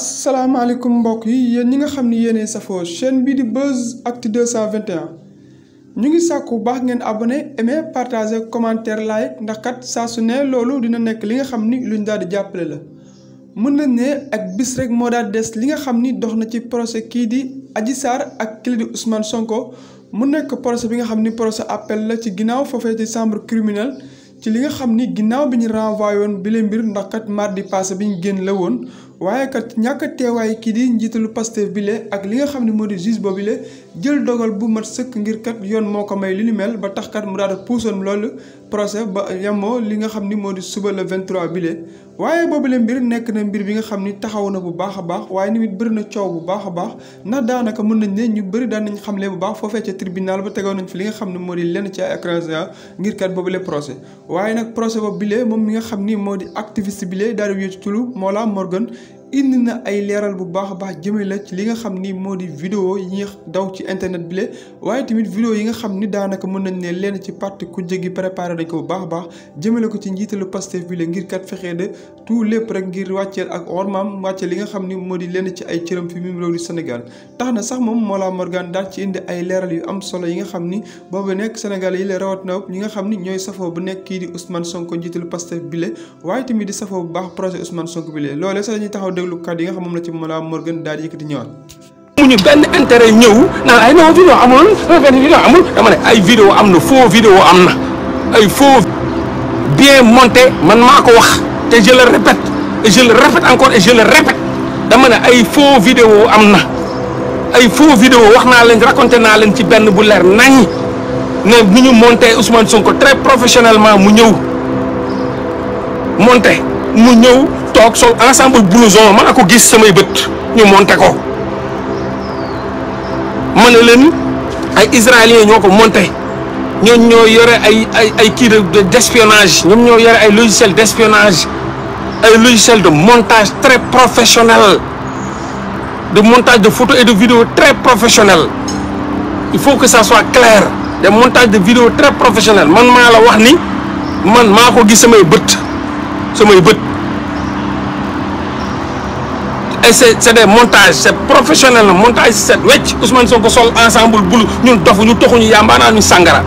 asalaamaaleykum mbokk yi yéen ñi nga xam ni yéenee safoo chaîne bii di Buzz Actu 221 ñu ngi sàkku baax ngeen abone aimé partage commentaire like ndax kat saa su ne loolu dina nekk li nga xam ni luñ daal di jàppale la mën na ne ak bis rek moo daal des li nga xam ni dox na ci procès kii di Adji Sarr ak kii di Ousmane Sonko mu nekk procès bi nga xam ni procès appel la ci ginnaaw foofee ci chambre ci li nga xam ni ginnaaw bi ñu renvoyé woon bile mbir ndax kat mardi passé bi ñu génn la woon waaye kat ñàkk a teewaay kii di njiitalu Pastef bile ak li nga xam ne moo di juge boobule jël dogal bu mat sëkk ngir kat yoon moo ko may li ni ba tax kat mu daal di puusoon loolu procès ba yemoo li nga xam ni moo di suba le 23 bile. waaye boobu le mbir nekk na mbir bi nga xam ni taxaw na bu baax a baax waaye nit bëri na coow bu baax a baax na daanaka mën nañ ne ñu bëri daan nañ xamle bu baax foofee ca tribunal ba tegoo nañ fi li nga xam ne moo di lenn ci ay écrasement ngir kat boobu le procès. waaye nag procès boobu bile moom mi nga xam ni moo di activiste bile daal di wécc tulu Mollah Morgun indi na ay leeral bu baax a baax jëme la ci li nga xam ni moo di vidéo yi nga ci internet bi la waaye tamit yi nga xam ni daanaka mën nañ ne lenn ci parti ku jéggi préparé nañ ko bu baax a baax jëmale ko ci njiitalu Pastef bi bile ngir kat fexee de tout lépp rek ngir wàcceel ak ormaam wàccee li nga xam ni moo di lenn ci ay cëram fi mim réew di Sénégal tax na sax moom Mollah Morgan daal ci indi ay leeral yu am solo yi nga xam ni boobu nekk Sénégal yi la rawat na ñi nga xam ni ñooy safoo bu nekk kii di Ousmane Sonko njiitalu Pastef bi la waaye tamit di safoo bu baax projet Ousmane Sonko bi la déglu kàddu yi nga xam moom la ci Mollah Morgun daal di yëkkati ñëwaat. amuñu benn intérêt ñëw naa ay non vidéo amul benn vidéo amul dama ne ay vidéo am na foo vidéo am na ay faux bien monté man maa ko wax te je le répète et je le répète dama ne ay faux vidéo am na ay faux vidéo wax naa leen raconté naa leen ci benn bu leer nañ ne ni ñu monté Ousmane Sonko très professionnellement mu ñëw monté mu ñëw toog sol ensemble blouson man a ko gis samay bët ñu monté ko ma ne leen ay israéliens ñoo ko monté ñoom ñoo yore ay ay ay kii de d'espionnage ñoom ñoo yore ay logiciel d'espionnage ay logiciel de montage très professionnel de montage de photos et de vidéos très professionnel il faut que ça soit clair de montage de vidéos très professionnel man maa la wax ni man maa ko gis samay bët samay bët et c' est c' est des montages c' est professionnel na montage set wecc Ousmane Sonko sol ensemble bulu ñun dofu ñu toxuñu yàmbaanaa ñu sàngara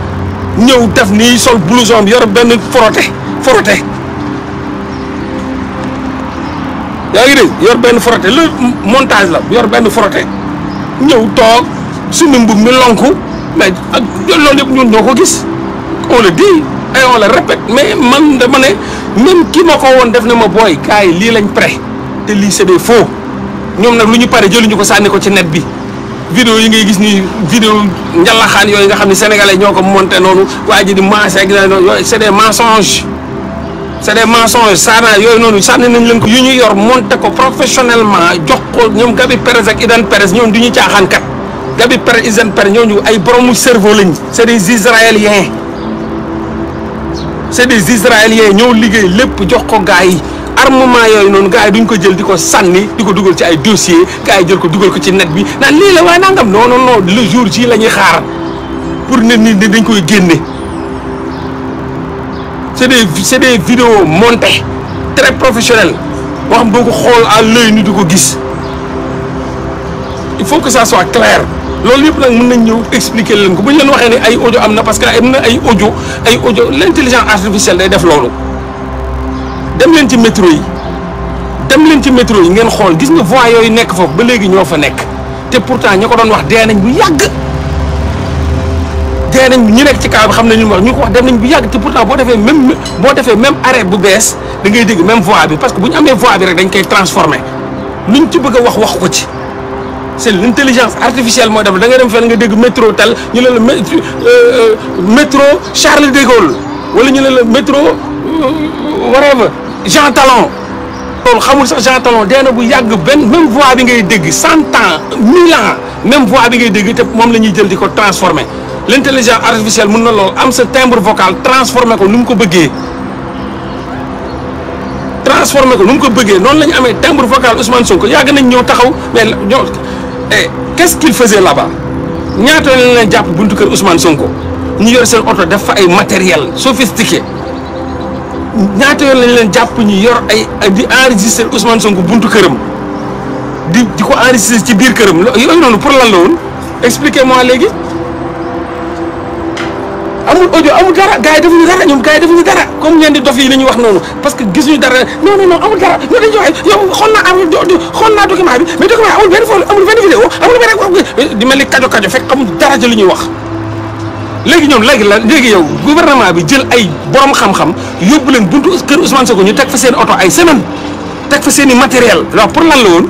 ñëw def nii sol blouson bi yor benn frotté frotté yaa ngi dégg yor benn frotté le montage la yor benn frotté ñëw toog suñu mbub mi lonku mais ak loolu yëpp ñun ñoo ko gis on le dit et on mais man dama ne même ki ma ko woon def na ma booy gars yi lii lañ pré te lii c'est des foo ñoom nag lu ñu pare jëluñu ko sànni ko ci net bi vidéo yi ngay gis ni vidéo njalaxaan yooyu nga xam ne sénégalais ñoo ko monté noonu waa ji di maase ak noonu yooyu c'est des mensonges c'est des mensonges yooyu noonu sànni nañ leen ko yu ñu yor monté ko professionnellement jox ko ñoom Gabi Perez ak Idan Perez ñoom du ñu caaxaan kat Gabi Perez Idan Perez ñooñu ay boromu cerveau lañ c'est des israéliens c'est des israéliens ñoo liggéey lépp jox ko gars yi armement yooyu noonu gars yi duñ ko jël di ko sànni di ko dugal ci ay dossier gars yi jël ko dugal ko ci net bi naan lii la waa nangam non non non le jour ji la ñuy xaar pour ne nit ñi dañ koy génne c'est des c'est des vidéos montées très professionnel boo xam boo ko xool à l'œil ni du ko gis il faut que ça soit clair loolu yëpp nag mun nañ ñëw expliquer leen ko bu ñu leen waxee ne ay ojo am na parce que am na ay audio ay audio day def loolu dem leen ci métro yi dem leen ci métro yi ngeen xool gis nga voie yooyu nekk foofu ba léegi ñoo fa nekk te pourtant ña ko doon wax dee nañ bu yàgg dee nañ ñu nekk ci kaw bi xam nañ lu wax ñu ko wax dem nañ bu yàgg te pourtant boo defee même boo defee même arrêt bu bees da ngay dégg même voie bi parce que bu ñu amee voie bi dañ koy transformé luñ ci bëgg a wax wax ko ci. c' est l' intelligence artificielle mooy def da ngay dem fenn nga dégg metro tel ñu ne la euh, euh, métro Charles de Gaulle wala ñu ne la métro euh, whatever Jean Talon xamul sax Jean Talon dee bu yàgg benn même voix bi ngay dégg cent ans mille ans même voix bi ngay dégg te moom la ñuy jël di ko transformé l' intelligence artificielle mun na lool am sa timbre vocal transformé ko nu mu ko bëggee transformé ko nu mu ko bëggee noonu la ñu amee timbre vocal Ousmane Sonko yàgg nañ ñëw taxaw mais et eh, qu'est-ce qu'il faisait là ñaata lañ leen jàpp buntu kër Ousmane Sonko ñu yor seen oto def fa ay matériel sophistiqué ñaata yoon lañ leen jàpp ñu yor ay di enregistré Ousmane Sonko buntu këram di di ko enregistré ci biir këram yooyu noonu pour lan la woon expliquez-moi léegi. amul audio amul dara gars yi defuñu dara ñoom gars yi defuñu dara comme ñeen di dof yi la ñuy wax noonu parce que gisuñu dara non non non amul dara ñoo dañu wax yow xool naa amul xool naa document bi mais document amul benn photo amul benn vidéo amul benn di mel ni kajo kajo fekk amul dara ja lu ñuy wax léegi ñoom léegi la léegi yow gouvernement bi jël ay borom xam-xam yóbbu leen buntu kër Ousmane Sonko ñu teg fa seen oto ay semaine teg fa seen i matériel alors pour lan la woon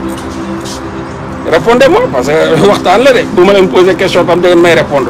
répondez-moi parce que waxtaan la de bu ma leen poser question tam da ngeen may répondre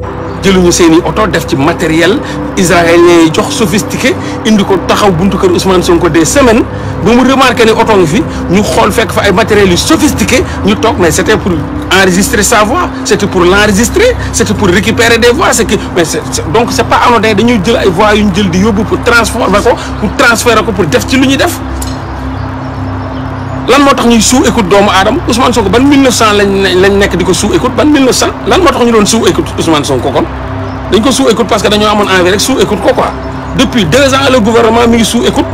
jëluñu seen i oto def ci matériel israélien yi jox sophistiqué indi ko taxaw buntu kër Ousmane Sonko des semaines ba mu remarqué ne oto ngi fi ñu xool fekk fa ay matériels yu sophistiqué ñu toog mais c'était pour enregistrer sa voix c'était pour l'enregistrer c'était pour récupérer des voix c'est que donc c'est pas anodin dañuy jël ay voix yu ñu jël di yóbbu pour transformer ko pour transférer ko pour def ci lu ñuy def lan moo tax ñuy sous écoute doomu aadama Ousmane Sonko ban 1900 lañ nekk di ko sous écoute ban 1900 lan moo tax ñu doon sous écoute Ousmane Sonko kon dañ ko sous écoute parce que dañoo amoon envie rek écoute ko quoi depuis deux ans le gouvernement mi ngi écoute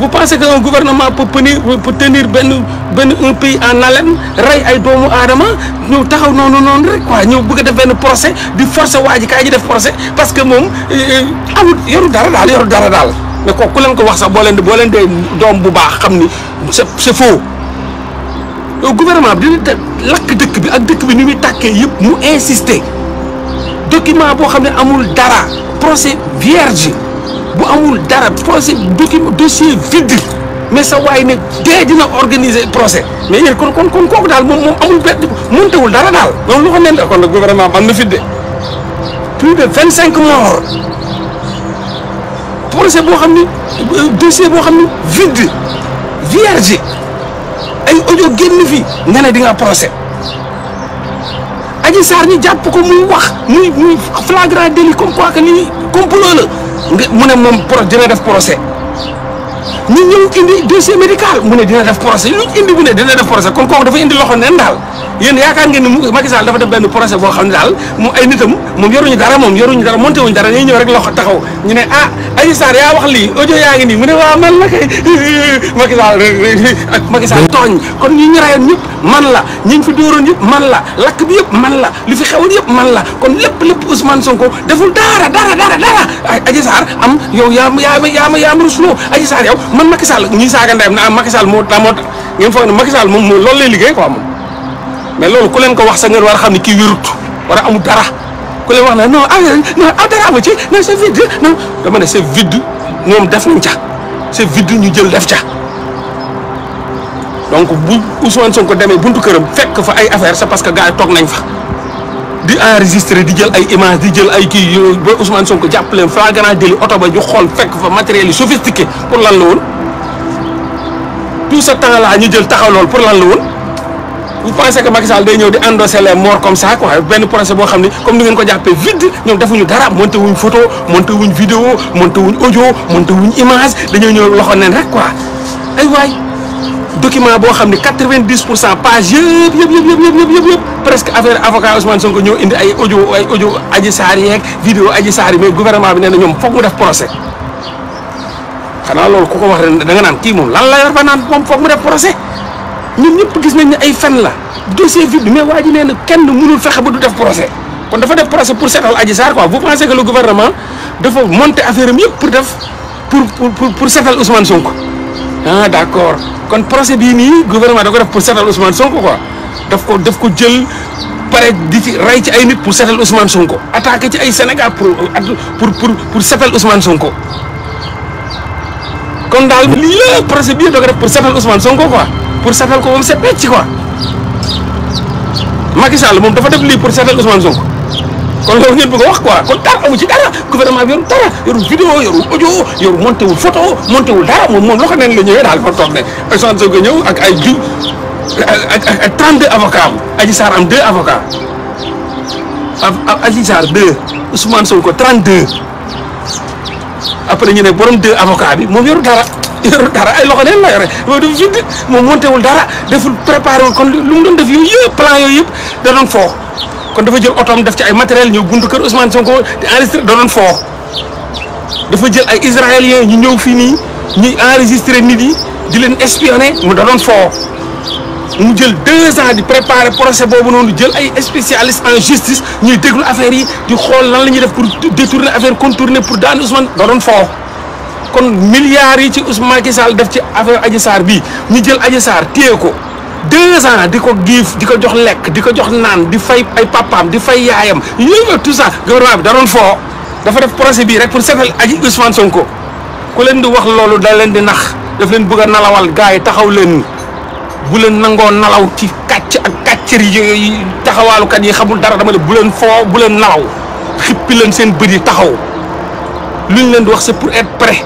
vous pensez que gouvernement peut tenir benn benn un pays en haleine rey ay doomu aadama ñëw taxaw noonu noonu rek quoi ñëw bëgg a def benn procès di forcer waa ji kaay ji def procès parce que moom euh, euh, amul yoru dara daal yoru dara daal. mais ko ku leen ko wax sax boo leen boo leen dee doom bu baax xam ni c'est c'est faux gouvernement bi dina lakk dëkk bi ak dëkk bi ni muy tàkkee yëpp mu insister document boo xam ne amul dara procès vierge bu amul dara procès document dossier vide mais sa waay ne dee dina organiser procès mais yéen kon kon kon kooku daal moom moom amul benn mëntewul dara daal moom lu ko neen kon nag gouvernement am na fidde plus de vingt cinq morts procès boo xam ni dossier boo xam ni vide vierge ay audio génn fi nga ne di nga procès Adji Sarr ñu jàpp ko muy wax muy muy flagrant délit comme quoi que ni complot la nga mu ne moom pro dina def procès ñu ñëw indi dossier médical mu dina def procès lu indi bu dina def procès kon kooku dafa indi loxo neen daal. yéen yaakaar ngeen ni Macky Sall dafa def benn procès boo xam ne daal mu ay nitam moom yoruñu dara moom yoruñu dara monté wuñu dara ñuy ñëw rek loxo taxaw ñu ne ah Adji Sarr yaa wax lii audio yaa ngi nii mu ne man la kay Macky Sall ak kon ñi ñu rayoon ñëpp man la ñi fi dóoroon yëpp man la lakk bi yëpp man la li fi xewoon yëpp man la kon lépp lépp Ousmane man Macky Sall ñuy saaga ndeyam na Macky Sall moo moo ngeen foog ne Macky moom loolu lay liggéey ko moom mais loolu ku leen ko wax sa ngeen war a xam ne kii wérut war a amul dara ku leen wax ne non ah non ah dara amu ci non c'est vide non dama ne c'est vide ñoom def nañ ca c'est vide ñu jël def ca donc bu Ousmane Sonko demee buntu këram fekk fa ay affaire c'est parce que gars yi toog nañ fa di enregistrer di jël ay image di jël ay kii yooyu ba Ousmane Sonko jàpp leen flagrant délit oto ba ñu xool fekk fa matériel yi sophistiqué pour lan la woon tout ce temps ñu jël taxaw lool pour lan vous pensez que Macky Sall day ñëw di endosser les morts comme ça quoi benn projet boo xam ne comme ni ngeen ko jàppee vide ñoom defuñu dara monté wuñ photo monté wuñ vidéo monté wuñ audio monté wuñ image dañoo ñëw loxo neen rek quoi ay waay document boo xam ne quatre-vingt-dix cent page yëpp yëpp yëpp yëpp yëpp yëpp presque affaire avocat Ousmane Sonko ñëw indi ay audio ay audio saari Sarr yeeg vidéo Adji Sarr guvernement bi nee na ñoom foog mu def procès xanaa loolu ku ko wax ren da nga naan kii moom lan la yor ba naan moom foog mu def procès ñun gis nañ ne ay fen la. dossier vide mais waa ji nee na kenn mënul fexe ba du def procès kon dafa def procès pour seetal Adji Sarr quoi vous pensez que le gouvernement dafa monter affaire am yëpp pour def pour pour pour seetal Ousmane Sonko ah d' accord kon procès bii nii gouvernement da ko def pour seetal Ousmane Sonko quoi daf ko daf ko jël pare di ci rey ci ay nit pour seetal Ousmane Sonko attaqué ci ay Sénégal pour pour pour pour seetal Ousmane Sonko. kon daal lii la procès da ko pour seetal Ousmane Sonko quoi pour seetal ko ba mu set wecc quoi. Macky Sall moom dafa def lii pour seetal Ousmane Sonko kon loolu ngeen bëgg a wax quoi kon dara amu dara gouvernement bi yoru dara yoru vidéo yoru audio yoru monté wul photo monté wul dara moom moom loxo neen la ñëwee daal fa toog ne Ousmane Sonko ñëw ay ju ak ay 32 avocats am Adji Sarr am 2 avocats Adji Sarr 2 Ousmane Sonko bi moom yoru dara. yoru dara ay loxo neen la yore moom dafa fii moom monté wul dara deful préparé wul kon lu mu doon def yooyu yëpp plan yooyu yëpp da doon kon dafa jël otoom def ci ay matériel ñëw buntu kër Ousmane Sonko di enregistré da doon dafa jël ay israéliens ñu ñëw fii nii ñuy enregistré nit yi di leen espionné mu da doon foo mu jël deux ans di préparer procès boobu noonu jël ay spécialiste en justice ñuy déglu affaire yi di xool lan la ñuy def pour détourner affaire contourner pour daan Ousmane da doon foo kon milliards yi ci Ousmane Macky Sall def ci affaire Adji Sarr bii ñu jël Adji Sarr ko. deux ans di ko giif di ko jox lekk di ko jox naan di fay ay papaam di fay yaayam yooyu tout ça gouvernement bi da doon foo dafa def procès bii rek pour seetal aji Ousmane ko ku leen di wax loolu da leen di nax daf leen bëgg a nalawal gars yi taxaw leen bu leen nangoo nalaw ci kàcc ak kàccër yi taxawaalukat yi xamul dara dama ne bu leen foo bu leen nalaw xippi leen seen bët yi taxaw luñ leen di wax c'est pour être prêt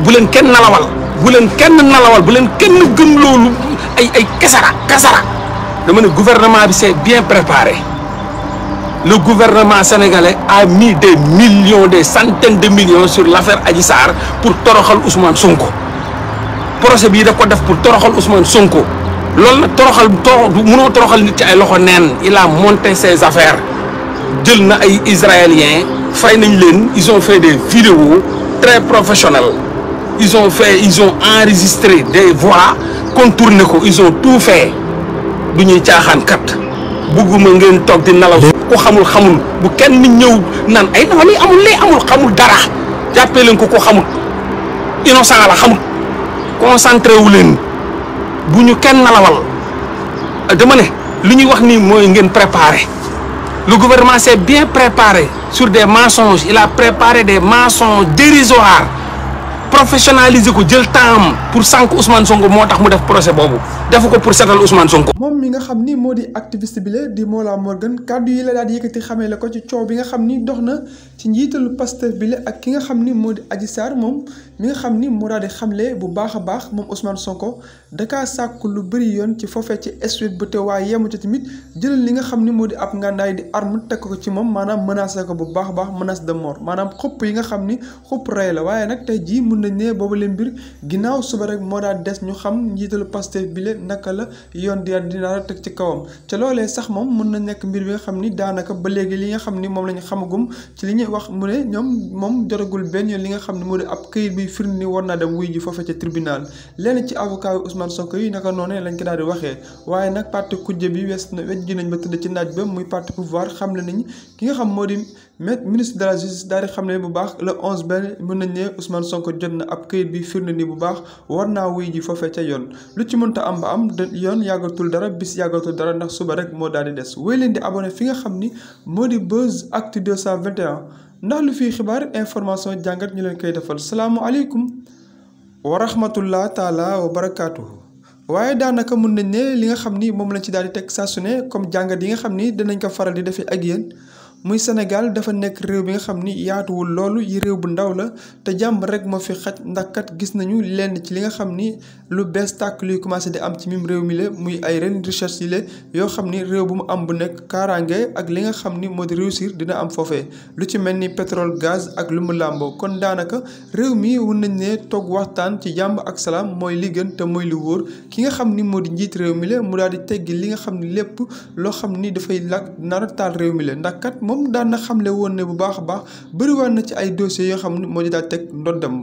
bu leen kenn nalawal. bu leen kenn nalawal bu leen kenn gëm loolu ay ay kasara kasara dama ne gouvernement bi c'est bien préparé le gouvernement sénégalais a mis des millions des centaines de millions sur l'affaire Adji Sarr pour toroxal Ousmane Sonko projet bii daf ko def pour toroxal Ousmane Sonko loolu nag toroxal too mënoo toroxal nit ci ay loxo neen il a monté ses affaires jël na ay israéliens fay nañ leen ils ont fait des vidéos très professionnelles ils ont fait ils ont enregistré des voies contourné ko ils ont tout fait du ñuy caaxaan kat bugguma ngeen toog di nalaw. ku xamul xamul bu kenn ñëw nan ay non lii amul lii amul xamul dara jàppee leen ko ko xamul innocent la xamul concentré wu leen bu ñu kenn nalawal dama ne lu ñuy wax nii mooy ngeen préparé le gouvernement s'est bien préparé sur des mensonges il a préparer des mensonges dérisoires professionnaliser ko jël temps pour sànq Ousmane Sonko moo tax ko moom mi nga xam ni moo di activiste bi la di Mollah Morgan kàddu yi la daal di yëkkati xamee la ko ci coow bi nga xam ni na ci njiitalu Pastef bi la ak ki nga xam ni moo di Adji Sarr moom mi nga xam ni moo daal di xamle bu baax a baax moom Ousmane ko daka sàkk lu bari yoon ci foofee ci eswit bu te waaye yemu ci tamit jëlal li nga xam ni moo di ab ngàndaay di arme teg ko ci moom maanaam menacé ko bu baax a baax menace de mort maanaam xupp yi nga xam ni xupp rey la waaye nañ ne boobu leen mbir ginnaaw suba rek moo daal des ñu xam njiitalu Pastef bile naka la yoon di dina teg ci kawam ca loolee sax moom mën na nekk mbir bi nga xam ni daanaka ba léegi li nga xam ni moom la ñu xamagum ci li ñuy wax mu ne ñoom moom joragul benn yoon li nga xam ne moo di ab kayit bi fir ni war naa dem wuy ji foofe ca tribunal lenn ci avocat yi Ousmane yi naka noonu lañ ko daal di waxee waaye nag parti kujje bi wes na wejji nañ ba tëdd ci naaj ba muy parti pouvoir xam le nañ ki nga xam moo di mais ministre de la justice daal xam ne bu baax le onze benn mën nañ ne Ousmane Sonko jot na ab këyit bi firnde nii bu baax war naa wuy ji foofee ca yoon lu ci mënta am ba am yoon yàggatul dara bis yàggatul dara ndax suba rek moo daal di des wéy leen di abonné fi nga xam ni moo di Buzz Actu 221 ndax lu fiy xibaar information jàngat ñu leen koy defal salaamu wa rahmatullah taala wa barakaatuhu waaye daanaka mën nañ ne li nga xam ni moom lañ ci daal di teg saa su ne comme jàngat yi nga xam ni dinañ ko faral di defee ak yéen muy Sénégal dafa nekk réew bi nga xam ni yaatuwul loolu yi réew bu ndaw la te jàmb rek moo fi xaj ndax kat gis nañu lenn ci li nga xam ni lu bees tàkk luy commencé di am ci mim réew mile muy ay ren recherche yi la yoo xam ni réew bu mu am bu nekk kaaraange ak li nga xam ni moo di réussir dina am foofee lu ci mel ni pétrole gaz ak lu mu làmboo kon daanaka réew mi wun nañ ne toog waxtaan ci jàmm ak salaam mooy li mooy lu wóor ki nga xam ni moo di njiit réew mi mu daal di teggi li nga xam ni lépp loo xam ni dafay lak nar taal réew mi ndax kat moom daan na xamle woon ne bu baax a baax bëriwaat na ci ay dossiers yoo xam ne moo ñu daal teg ndoddam